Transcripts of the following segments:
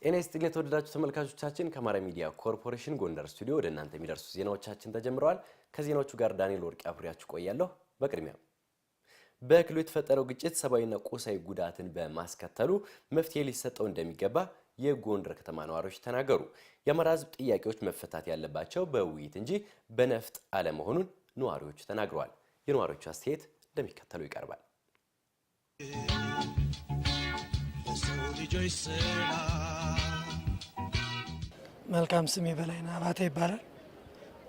ጤና ይስጥልኝ የተወደዳችሁ ተመልካቾቻችን፣ ከአማራ ሚዲያ ኮርፖሬሽን ጎንደር ስቱዲዮ ወደ እናንተ የሚደርሱ ዜናዎቻችን ተጀምረዋል። ከዜናዎቹ ጋር ዳንኤል ወርቅ አብሬያችሁ ቆያለሁ። በቅድሚያ በእህሉ የተፈጠረው ግጭት ሰብአዊና ቁሳዊ ጉዳትን በማስከተሉ መፍትሄ ሊሰጠው እንደሚገባ የጎንደር ከተማ ነዋሪዎች ተናገሩ። የአማራ ሕዝብ ጥያቄዎች መፈታት ያለባቸው በውይይት እንጂ በነፍጥ አለመሆኑን ነዋሪዎቹ ተናግረዋል። የነዋሪዎቹ አስተያየት እንደሚከተሉ ይቀርባል። መልካም ስሜ በላይና አባተ ይባላል።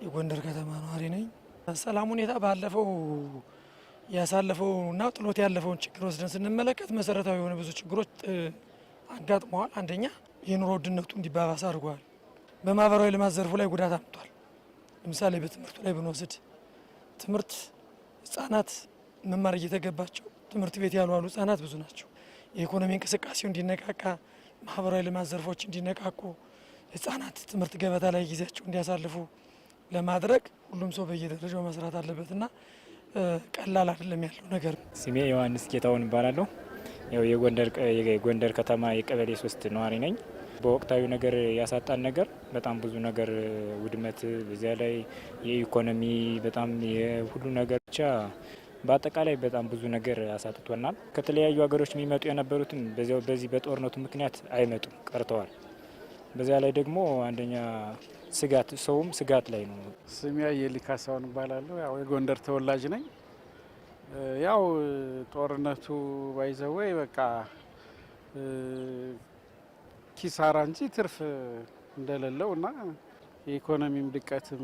የጎንደር ከተማ ነዋሪ ነኝ። ሰላም ሁኔታ ባለፈው ያሳለፈውና ጥሎት ያለፈውን ችግር ወስደን ስንመለከት መሰረታዊ የሆነ ብዙ ችግሮች አጋጥመዋል። አንደኛ የኑሮ ውድነቱ እንዲባባስ አድርጓል። በማህበራዊ ልማት ዘርፉ ላይ ጉዳት አምጥቷል። ለምሳሌ በትምህርቱ ላይ ብንወስድ ትምህርት ህጻናት መማር እየተገባቸው ትምህርት ቤት ያልዋሉ ህጻናት ብዙ ናቸው። የኢኮኖሚ እንቅስቃሴው እንዲነቃቃ፣ ማህበራዊ ልማት ዘርፎች እንዲነቃቁ፣ ህጻናት ትምህርት ገበታ ላይ ጊዜያቸው እንዲያሳልፉ ለማድረግ ሁሉም ሰው በየደረጃው መስራት አለበትና ቀላል አይደለም ያለው ነገር። ስሜ ዮሐንስ ጌታውን እባላለሁ። ያው የጎንደር ከተማ የቀበሌ ሶስት ነዋሪ ነኝ። በወቅታዊ ነገር ያሳጣን ነገር በጣም ብዙ ነገር ውድመት፣ በዚያ ላይ የኢኮኖሚ በጣም የሁሉ ነገር ብቻ በአጠቃላይ በጣም ብዙ ነገር አሳጥቶናል። ከተለያዩ ሀገሮች የሚመጡ የነበሩትም በዚህ በጦርነቱ ምክንያት አይመጡም ቀርተዋል። በዚያ ላይ ደግሞ አንደኛ ስጋት ሰውም ስጋት ላይ ነው። ስሚያ የሊካሳውን እባላለሁ። ያው የጎንደር ተወላጅ ነኝ። ያው ጦርነቱ ባይዘወይ በቃ ኪሳራ እንጂ ትርፍ እንደሌለው እና የኢኮኖሚም ድቀትም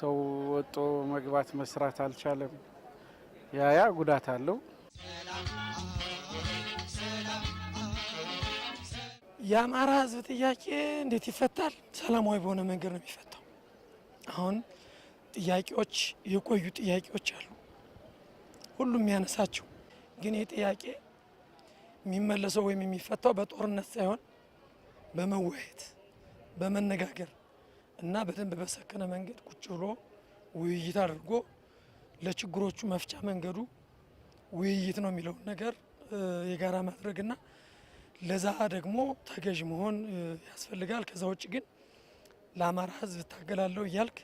ሰው ወጦ መግባት መስራት አልቻለም። ያያ ጉዳት አለው። የአማራ ህዝብ ጥያቄ እንዴት ይፈታል? ሰላማዊ በሆነ መንገድ ነው የሚፈታው። አሁን ጥያቄዎች የቆዩ ጥያቄዎች አሉ፣ ሁሉም የሚያነሳቸው ግን ይህ ጥያቄ የሚመለሰው ወይም የሚፈታው በጦርነት ሳይሆን በመወያየት በመነጋገር እና በደንብ በሰከነ መንገድ ቁጭ ብሎ ውይይት አድርጎ ለችግሮቹ መፍቻ መንገዱ ውይይት ነው የሚለውን ነገር የጋራ ማድረግና ለዛ ደግሞ ተገዥ መሆን ያስፈልጋል። ከዛ ውጭ ግን ለአማራ ህዝብ እታገላለሁ እያልክ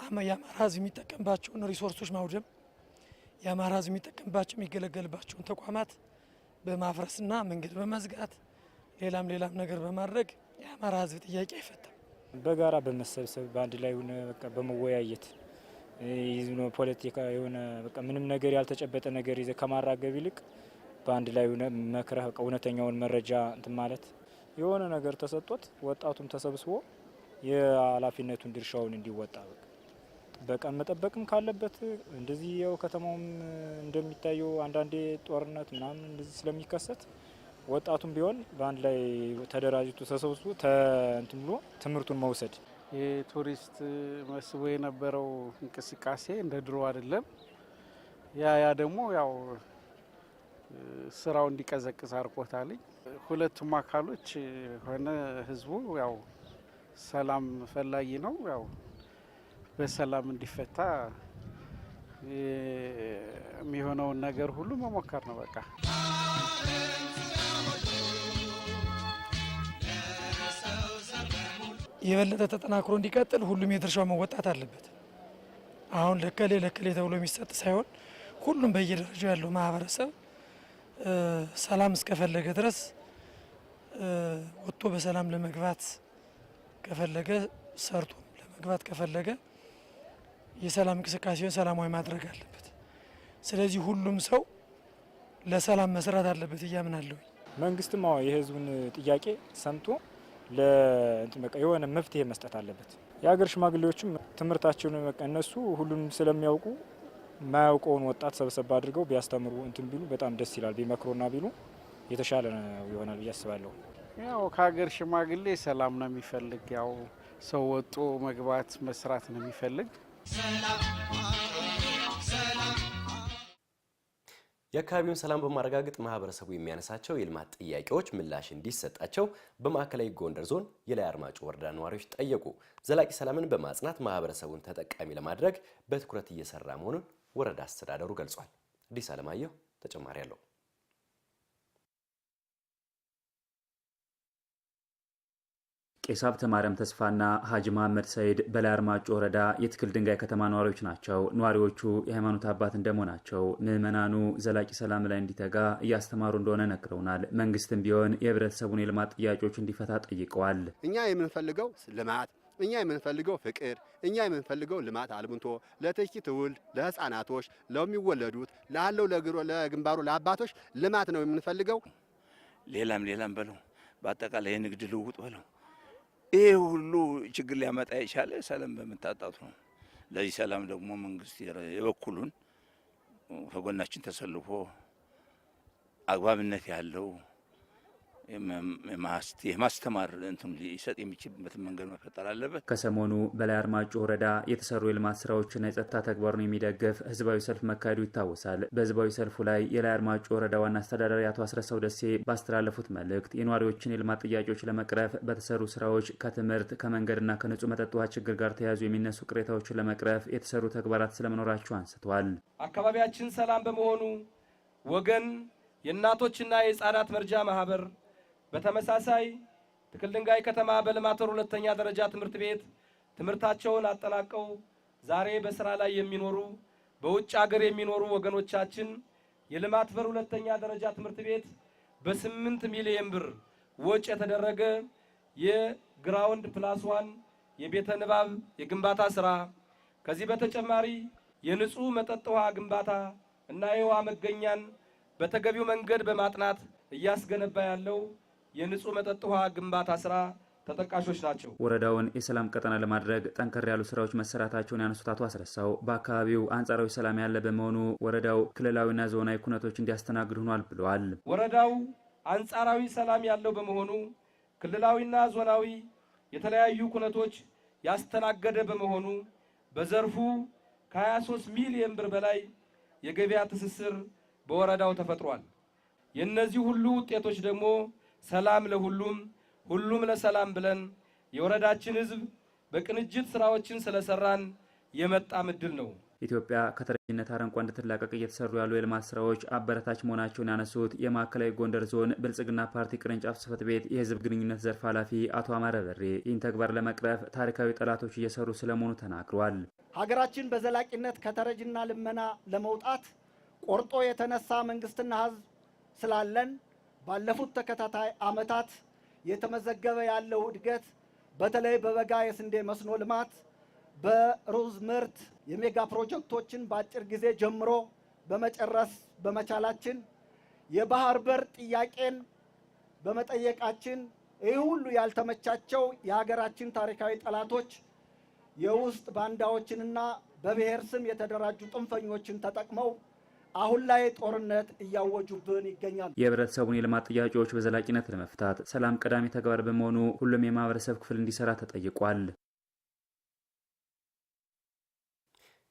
የአማራ ህዝብ የሚጠቀምባቸውን ሪሶርሶች ማውደም፣ የአማራ ህዝብ የሚጠቀምባቸው የሚገለገልባቸውን ተቋማት በማፍረስና መንገድ በመዝጋት ሌላም ሌላም ነገር በማድረግ የአማራ ህዝብ ጥያቄ አይፈታም። በጋራ በመሰብሰብ በአንድ ላይ ሆነ በቃ በመወያየት ፖለቲካ የሆነ በቃ ምንም ነገር ያልተጨበጠ ነገር ይዘ ከማራገብ ይልቅ በአንድ ላይ መክረህ እውነተኛውን መረጃ እንትን ማለት የሆነ ነገር ተሰጥቶት ወጣቱም ተሰብስቦ የኃላፊነቱን ድርሻውን እንዲወጣ በቀን መጠበቅም ካለበት እንደዚህ ያው ከተማውም እንደሚታየው አንዳንዴ ጦርነት ምናምን እንደዚህ ስለሚከሰት ወጣቱም ቢሆን በአንድ ላይ ተደራጅቶ ተሰብስቦ እንትን ብሎ ትምህርቱን መውሰድ። የቱሪስት መስቦ የነበረው እንቅስቃሴ እንደ ድሮ አይደለም። ያ ያ ደግሞ ያው ስራው እንዲቀዘቅዝ አድርጎታልኝ። ሁለቱም አካሎች ሆነ ህዝቡ ያው ሰላም ፈላጊ ነው። ያው በሰላም እንዲፈታ የሚሆነውን ነገር ሁሉ መሞከር ነው በቃ። የበለጠ ተጠናክሮ እንዲቀጥል ሁሉም የድርሻው መወጣት አለበት። አሁን ለከሌ ለከሌ ተብሎ የሚሰጥ ሳይሆን ሁሉም በየደረጃው ያለው ማህበረሰብ ሰላም እስከፈለገ ድረስ ወጥቶ በሰላም ለመግባት ከፈለገ ሰርቶ ለመግባት ከፈለገ የሰላም እንቅስቃሴውን ሰላማዊ ማድረግ አለበት። ስለዚህ ሁሉም ሰው ለሰላም መስራት አለበት እያምናለሁ። መንግስትም አዎ የህዝቡን ጥያቄ ሰምቶ የሆነ መፍትሄ መስጠት አለበት። የሀገር ሽማግሌዎችም ትምህርታቸውን እነሱ ሁሉንም ስለሚያውቁ የማያውቀውን ወጣት ሰብሰብ አድርገው ቢያስተምሩ እንትን ቢሉ በጣም ደስ ይላል። ቢመክሮና ቢሉ የተሻለ ይሆናል ብዬ አስባለሁ። ያው ከሀገር ሽማግሌ ሰላም ነው የሚፈልግ። ያው ሰው ወጦ መግባት መስራት ነው የሚፈልግ። የአካባቢውን ሰላም በማረጋገጥ ማህበረሰቡ የሚያነሳቸው የልማት ጥያቄዎች ምላሽ እንዲሰጣቸው በማዕከላዊ ጎንደር ዞን የላይ አርማጭሆ ወረዳ ነዋሪዎች ጠየቁ። ዘላቂ ሰላምን በማጽናት ማህበረሰቡን ተጠቃሚ ለማድረግ በትኩረት እየሰራ መሆኑን ወረዳ አስተዳደሩ ገልጿል። አዲስ አለማየሁ ተጨማሪ አለው። ቄስ ሀብተ ማርያም ተስፋና ሀጅ መሐመድ ሰይድ በላይ አርማጮ ወረዳ የትክል ድንጋይ ከተማ ነዋሪዎች ናቸው። ነዋሪዎቹ የሃይማኖት አባት እንደመሆናቸው ምዕመናኑ ዘላቂ ሰላም ላይ እንዲተጋ እያስተማሩ እንደሆነ ነግረውናል። መንግስትም ቢሆን የህብረተሰቡን የልማት ጥያቄዎች እንዲፈታ ጠይቀዋል። እኛ የምንፈልገው ልማት እኛ የምንፈልገው ፍቅር፣ እኛ የምንፈልገው ልማት አልምቶ ለተኪ ትውልድ፣ ለህፃናቶች፣ ለሚወለዱት፣ ላለው ለግንባሩ ለአባቶች ልማት ነው የምንፈልገው። ሌላም ሌላም በለው በአጠቃላይ የንግድ ልውውጥ በለው ይህ ሁሉ ችግር ሊያመጣ የቻለ ሰላም በምታጣቱ ነው። ለዚህ ሰላም ደግሞ መንግስት የበኩሉን ከጎናችን ተሰልፎ አግባብነት ያለው የማስተማር እንትን ሊሰጥ የሚችልበትን መንገድ መፈጠር አለበት። ከሰሞኑ በላይ አርማጮ ወረዳ የተሰሩ የልማት ስራዎችና የጸጥታ ተግባሩን የሚደግፍ ህዝባዊ ሰልፍ መካሄዱ ይታወሳል። በህዝባዊ ሰልፉ ላይ የላይ አርማጮ ወረዳ ዋና አስተዳዳሪ አቶ አስረሰው ደሴ ባስተላለፉት መልእክት የነዋሪዎችን የልማት ጥያቄዎች ለመቅረፍ በተሰሩ ስራዎች ከትምህርት ከመንገድና ከንጹህ መጠጥ ውሃ ችግር ጋር ተያያዙ የሚነሱ ቅሬታዎችን ለመቅረፍ የተሰሩ ተግባራት ስለመኖራቸው አንስተዋል። አካባቢያችን ሰላም በመሆኑ ወገን የእናቶችና የህፃናት መርጃ ማህበር በተመሳሳይ ትክል ድንጋይ ከተማ በልማተር ሁለተኛ ደረጃ ትምህርት ቤት ትምህርታቸውን አጠናቀው ዛሬ በስራ ላይ የሚኖሩ በውጭ ሀገር የሚኖሩ ወገኖቻችን የልማት በር ሁለተኛ ደረጃ ትምህርት ቤት በስምንት ሚሊየን ብር ወጪ የተደረገ የግራውንድ ፕላስ ዋን የቤተ ንባብ የግንባታ ስራ ከዚህ በተጨማሪ የንጹህ መጠጥ ውሃ ግንባታ እና የውሃ መገኛን በተገቢው መንገድ በማጥናት እያስገነባ ያለው የንጹህ መጠጥ ውሃ ግንባታ ስራ ተጠቃሾች ናቸው። ወረዳውን የሰላም ቀጠና ለማድረግ ጠንከር ያሉ ስራዎች መሰራታቸውን ያነሱት አቶ አስረሳው በአካባቢው አንጻራዊ ሰላም ያለ በመሆኑ ወረዳው ክልላዊና ዞናዊ ኩነቶች እንዲያስተናግድ ሆኗል ብለዋል። ወረዳው አንጻራዊ ሰላም ያለው በመሆኑ ክልላዊና ዞናዊ የተለያዩ ኩነቶች ያስተናገደ በመሆኑ በዘርፉ ከ23 ሚሊዮን ብር በላይ የገበያ ትስስር በወረዳው ተፈጥሯል። የእነዚህ ሁሉ ውጤቶች ደግሞ ሰላም ለሁሉም ሁሉም ለሰላም ብለን የወረዳችን ህዝብ በቅንጅት ስራዎችን ስለሰራን የመጣ ምድል ነው። ኢትዮጵያ ከተረጂነት አረንቋ እንድትላቀቅ እየተሰሩ ያሉ የልማት ስራዎች አበረታች መሆናቸውን ያነሱት የማዕከላዊ ጎንደር ዞን ብልጽግና ፓርቲ ቅርንጫፍ ጽህፈት ቤት የህዝብ ግንኙነት ዘርፍ ኃላፊ አቶ አማረ በሬ ይህን ተግባር ለመቅረፍ ታሪካዊ ጠላቶች እየሰሩ ስለመሆኑ ተናግሯል። ሀገራችን በዘላቂነት ከተረጅና ልመና ለመውጣት ቆርጦ የተነሳ መንግስትና ህዝብ ስላለን ባለፉት ተከታታይ ዓመታት የተመዘገበ ያለው እድገት በተለይ በበጋ የስንዴ መስኖ ልማት፣ በሩዝ ምርት የሜጋ ፕሮጀክቶችን በአጭር ጊዜ ጀምሮ በመጨረስ በመቻላችን የባህር በር ጥያቄን በመጠየቃችን ይህ ሁሉ ያልተመቻቸው የሀገራችን ታሪካዊ ጠላቶች የውስጥ ባንዳዎችንና በብሔር ስም የተደራጁ ጥንፈኞችን ተጠቅመው አሁን ላይ ጦርነት እያወጁብን ይገኛል። የህብረተሰቡን የልማት ጥያቄዎች በዘላቂነት ለመፍታት ሰላም ቀዳሚ ተግባር በመሆኑ ሁሉም የማህበረሰብ ክፍል እንዲሰራ ተጠይቋል።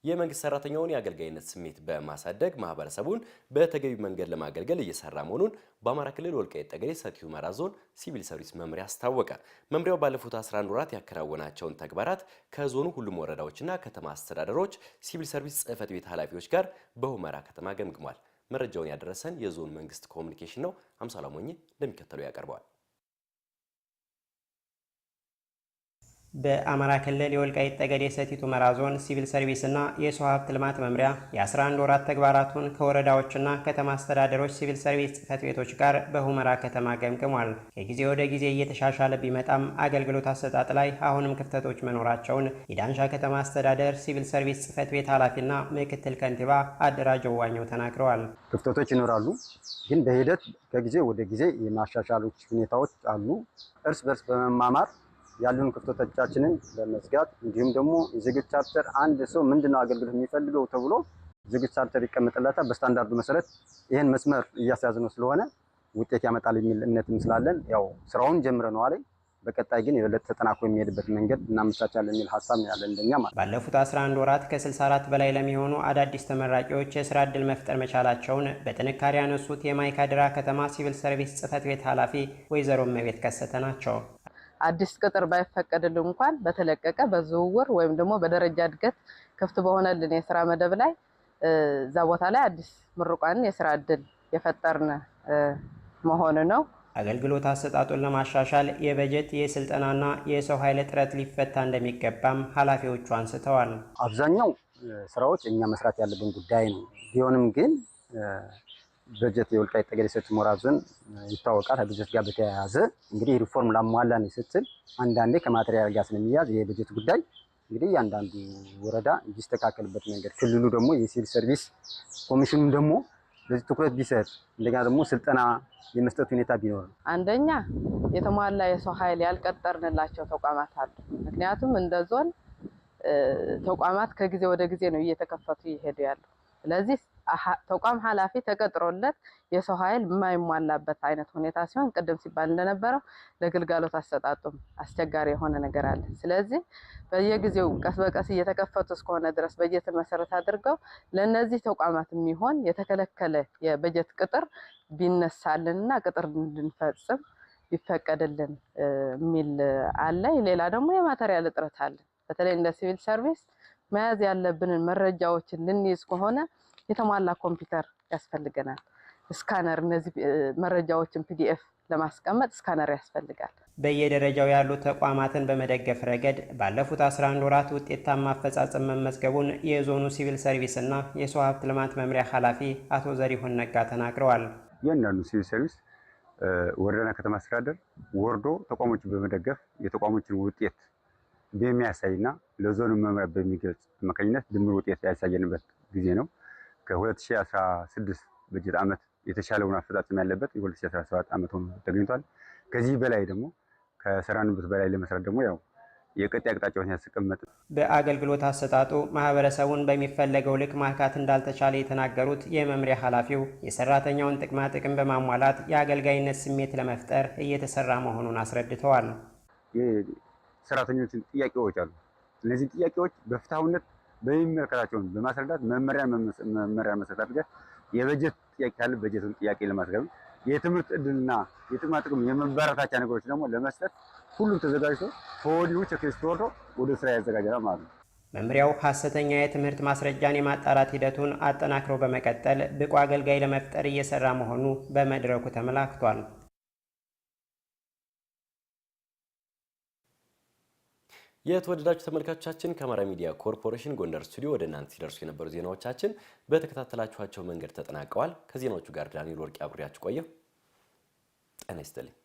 የመንግስት ሰራተኛውን የአገልጋይነት ስሜት በማሳደግ ማህበረሰቡን በተገቢ መንገድ ለማገልገል እየሰራ መሆኑን በአማራ ክልል ወልቃይት ጠገዴ ሰቲት ሁመራ ዞን ሲቪል ሰርቪስ መምሪያ አስታወቀ። መምሪያው ባለፉት 11 ወራት ያከናወናቸውን ተግባራት ከዞኑ ሁሉም ወረዳዎችና ከተማ አስተዳደሮች ሲቪል ሰርቪስ ጽህፈት ቤት ኃላፊዎች ጋር በሁመራ ከተማ ገምግሟል። መረጃውን ያደረሰን የዞኑ መንግስት ኮሚኒኬሽን ነው። አምሳላ ሞኜ እንደሚከተለው ያቀርበዋል። በአማራ ክልል የወልቃይት ጠገዴ ሰቲት ሁመራ ዞን ሲቪል ሰርቪስና የሰው ሀብት ልማት መምሪያ የ11 ወራት ተግባራቱን ከወረዳዎችና ከተማ አስተዳደሮች ሲቪል ሰርቪስ ጽህፈት ቤቶች ጋር በሁመራ ከተማ ገምግሟል። ከጊዜ ወደ ጊዜ እየተሻሻለ ቢመጣም አገልግሎት አሰጣጥ ላይ አሁንም ክፍተቶች መኖራቸውን የዳንሻ ከተማ አስተዳደር ሲቪል ሰርቪስ ጽህፈት ቤት ኃላፊና ምክትል ከንቲባ አደራጀው ዋኘው ተናግረዋል። ክፍተቶች ይኖራሉ ግን በሂደት ከጊዜ ወደ ጊዜ የማሻሻሎች ሁኔታዎች አሉ። እርስ በርስ በመማማር ያሉን ክፍተቶቻችንን በመዝጋት እንዲሁም ደግሞ የዜጎች ቻርተር አንድ ሰው ምንድነው አገልግሎት የሚፈልገው ተብሎ ዜጎች ቻርተር ይቀመጥለታል። በስታንዳርዱ መሰረት ይህን መስመር እያስያዝ ነው ስለሆነ ውጤት ያመጣል የሚል እምነት እንስላለን። ያው ስራውን ጀምረነዋል። በቀጣይ ግን የበለጠ ተጠናክሮ የሚሄድበት መንገድ እናመቻቻለን የሚል ሀሳብ ነው ያለን እንደኛ ማለት። ባለፉት 11 ወራት ከ64 በላይ ለሚሆኑ አዳዲስ ተመራቂዎች የስራ ዕድል መፍጠር መቻላቸውን በጥንካሬ ያነሱት የማይካድራ ከተማ ሲቪል ሰርቪስ ጽህፈት ቤት ኃላፊ ወይዘሮ መቤት ከሰተ ናቸው። አዲስ ቅጥር ባይፈቀድልን እንኳን በተለቀቀ በዝውውር ወይም ደግሞ በደረጃ እድገት ክፍት በሆነልን የስራ መደብ ላይ እዛ ቦታ ላይ አዲስ ምሩቃንን የስራ እድል የፈጠርን መሆን ነው። አገልግሎት አሰጣጡን ለማሻሻል የበጀት የስልጠናና የሰው ኃይል እጥረት ሊፈታ እንደሚገባም ኃላፊዎቹ አንስተዋል። አብዛኛው ስራዎች እኛ መስራት ያለብን ጉዳይ ነው። ቢሆንም ግን በጀት የወልቃይት ጠገዴ ሰቲት ሁመራ ዞን ይታወቃል። ከበጀት ጋር በተያያዘ እንግዲህ ሪፎርም ላሟላ ነው ስትል አንዳንዴ ከማቴሪያል ጋር ስለሚያዝ የበጀት ጉዳይ እንግዲህ እያንዳንዱ ወረዳ እንዲስተካከልበት መንገድ ክልሉ ደግሞ የሲቪል ሰርቪስ ኮሚሽኑም ደግሞ በዚህ ትኩረት ቢሰጥ እንደገና ደግሞ ስልጠና የመስጠት ሁኔታ ቢኖር አንደኛ የተሟላ የሰው ኃይል ያልቀጠርንላቸው ተቋማት አሉ። ምክንያቱም እንደ ዞን ተቋማት ከጊዜ ወደ ጊዜ ነው እየተከፈቱ ይሄዱ ያሉ። ስለዚህ ተቋም ኃላፊ ተቀጥሮለት የሰው ኃይል የማይሟላበት አይነት ሁኔታ ሲሆን ቅድም ሲባል እንደነበረው ለግልጋሎት አሰጣጡም አስቸጋሪ የሆነ ነገር አለ። ስለዚህ በየጊዜው ቀስ በቀስ እየተከፈቱ እስከሆነ ድረስ በጀትን መሰረት አድርገው ለእነዚህ ተቋማት የሚሆን የተከለከለ የበጀት ቅጥር ቢነሳልንና ቅጥር እንድንፈጽም ቢፈቀድልን የሚል አለ። ሌላ ደግሞ የማተሪያል እጥረት አለ። በተለይ እንደ ሲቪል ሰርቪስ መያዝ ያለብንን መረጃዎችን ልንይዝ ከሆነ የተሟላ ኮምፒውተር ያስፈልገናል። ስካነር፣ እነዚህ መረጃዎችን ፒዲኤፍ ለማስቀመጥ ስካነር ያስፈልጋል። በየደረጃው ያሉ ተቋማትን በመደገፍ ረገድ ባለፉት 11 ወራት ውጤታማ አፈጻጸም መመዝገቡን የዞኑ ሲቪል ሰርቪስ እና የሰው ሀብት ልማት መምሪያ ኃላፊ አቶ ዘሪሁን ነጋ ተናግረዋል። እያንዳንዱ ሲቪል ሰርቪስ ወረዳና ከተማ አስተዳደር ወርዶ ተቋሞችን በመደገፍ የተቋሞችን ውጤት በሚያሳይና ለዞኑ መምሪያ በሚገልጽ አማካኝነት ድምር ውጤት ያሳየንበት ጊዜ ነው። ከ2016 በጀት ዓመት የተሻለውን አፈጻጸም ያለበት የ2017 ዓመት ሆኖ ተገኝቷል። ከዚህ በላይ ደግሞ ከሰራንበት በላይ ለመስራት ደግሞ ያው የቀጣይ አቅጣጫውን ያስቀመጥ። በአገልግሎት አሰጣጡ ማህበረሰቡን በሚፈለገው ልክ ማርካት እንዳልተቻለ የተናገሩት የመምሪያ ኃላፊው የሰራተኛውን ጥቅማ ጥቅም በማሟላት የአገልጋይነት ስሜት ለመፍጠር እየተሰራ መሆኑን አስረድተዋል። ሰራተኞችን ጥያቄዎች አሉ። እነዚህ ጥያቄዎች በፍትሐዊነት በሚመለከታቸውን በማስረዳት መመሪያ መመሪያ መሰረት አድርገን የበጀት ጥያቄ ካለ በጀቱን ጥያቄ ለማስገብ የትምህርት እድልና የጥቅማ ጥቅም የመበረታቻ ነገሮች ደግሞ ለመስጠት ሁሉም ተዘጋጅቶ ከወዲሁ ቼክሊስት ወርዶ ወደ ስራ ያዘጋጃል ማለት ነው። መምሪያው ሐሰተኛ የትምህርት ማስረጃን የማጣራት ሂደቱን አጠናክሮ በመቀጠል ብቁ አገልጋይ ለመፍጠር እየሰራ መሆኑ በመድረኩ ተመላክቷል። የተወደዳችሁ ተመልካቾቻችን ከአማራ ሚዲያ ኮርፖሬሽን ጎንደር ስቱዲዮ ወደ እናንተ ሲደርሱ የነበሩ ዜናዎቻችን በተከታተላችኋቸው መንገድ ተጠናቀዋል። ከዜናዎቹ ጋር ዳንኤል ወርቅ አብሬያችሁ ቆየሁ። ጤና ይስጥልኝ።